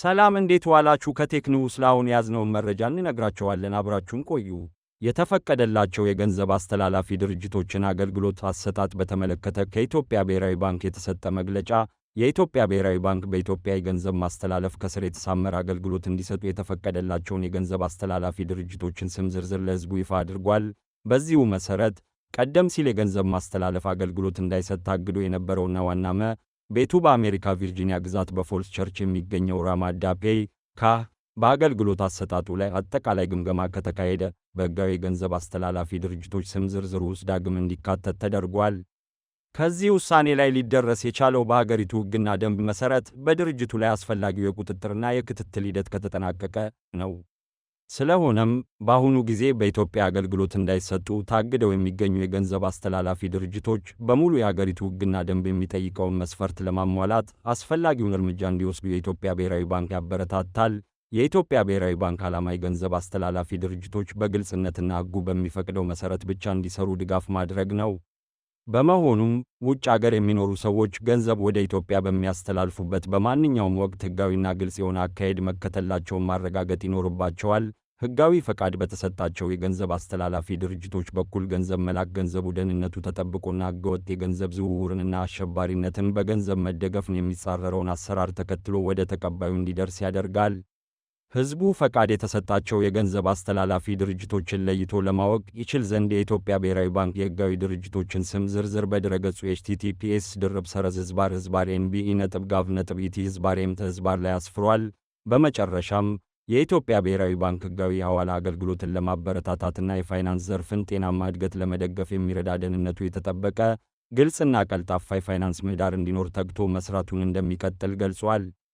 ሰላም እንዴት ዋላችሁ? ከቴክኒው ስላሁን ያዝነውን መረጃ እንነግራችኋለን። አብራችሁን ቆዩ። የተፈቀደላቸው የገንዘብ አስተላላፊ ድርጅቶችን አገልግሎት አሰጣጥ በተመለከተ ከኢትዮጵያ ብሔራዊ ባንክ የተሰጠ መግለጫ። የኢትዮጵያ ብሔራዊ ባንክ በኢትዮጵያ የገንዘብ ማስተላለፍ ከስር የተሳመረ አገልግሎት እንዲሰጡ የተፈቀደላቸውን የገንዘብ አስተላላፊ ድርጅቶችን ስም ዝርዝር ለሕዝቡ ይፋ አድርጓል። በዚሁ መሠረት ቀደም ሲል የገንዘብ ማስተላለፍ አገልግሎት እንዳይሰጥ ታግዶ የነበረውና ዋና መ ቤቱ በአሜሪካ ቪርጂኒያ ግዛት በፎልስ ቸርች የሚገኘው ራማዳፔይ ፔይ ካህ በአገልግሎት አሰጣጡ ላይ አጠቃላይ ግምገማ ከተካሄደ በሕጋዊ የገንዘብ አስተላላፊ ድርጅቶች ስም ዝርዝር ውስጥ ዳግም እንዲካተት ተደርጓል። ከዚህ ውሳኔ ላይ ሊደረስ የቻለው በሀገሪቱ ሕግና ደንብ መሠረት በድርጅቱ ላይ አስፈላጊው የቁጥጥርና የክትትል ሂደት ከተጠናቀቀ ነው። ስለሆነም በአሁኑ ጊዜ በኢትዮጵያ አገልግሎት እንዳይሰጡ ታግደው የሚገኙ የገንዘብ አስተላላፊ ድርጅቶች በሙሉ የአገሪቱ ሕግና ደንብ የሚጠይቀውን መስፈርት ለማሟላት አስፈላጊውን እርምጃ እንዲወስዱ የኢትዮጵያ ብሔራዊ ባንክ ያበረታታል። የኢትዮጵያ ብሔራዊ ባንክ ዓላማ የገንዘብ አስተላላፊ ድርጅቶች በግልጽነትና ሕጉ በሚፈቅደው መሠረት ብቻ እንዲሰሩ ድጋፍ ማድረግ ነው። በመሆኑም ውጭ አገር የሚኖሩ ሰዎች ገንዘብ ወደ ኢትዮጵያ በሚያስተላልፉበት በማንኛውም ወቅት ሕጋዊና ግልጽ የሆነ አካሄድ መከተላቸውን ማረጋገጥ ይኖርባቸዋል። ሕጋዊ ፈቃድ በተሰጣቸው የገንዘብ አስተላላፊ ድርጅቶች በኩል ገንዘብ መላክ ገንዘቡ ደህንነቱ ተጠብቆና ሕገወጥ የገንዘብ ዝውውርንና አሸባሪነትን በገንዘብ መደገፍን የሚጻረረውን አሰራር ተከትሎ ወደ ተቀባዩ እንዲደርስ ያደርጋል። ሕዝቡ ፈቃድ የተሰጣቸው የገንዘብ አስተላላፊ ድርጅቶችን ለይቶ ለማወቅ ይችል ዘንድ የኢትዮጵያ ብሔራዊ ባንክ የሕጋዊ ድርጅቶችን ስም ዝርዝር በድረገጹ ኤችቲቲፒኤስ ድርብ ሰረዝ ህዝባር ህዝባር ኤንቢኢ ነጥብ ጋቭ ነጥብ ኢቲ ህዝባር ኤምተ ህዝባር ላይ አስፍሯል። በመጨረሻም የኢትዮጵያ ብሔራዊ ባንክ ሕጋዊ የሐዋላ አገልግሎትን ለማበረታታትና የፋይናንስ ዘርፍን ጤናማ እድገት ለመደገፍ የሚረዳ ደህንነቱ የተጠበቀ ግልጽና ቀልጣፋ የፋይናንስ ምህዳር እንዲኖር ተግቶ መስራቱን እንደሚቀጥል ገልጿል።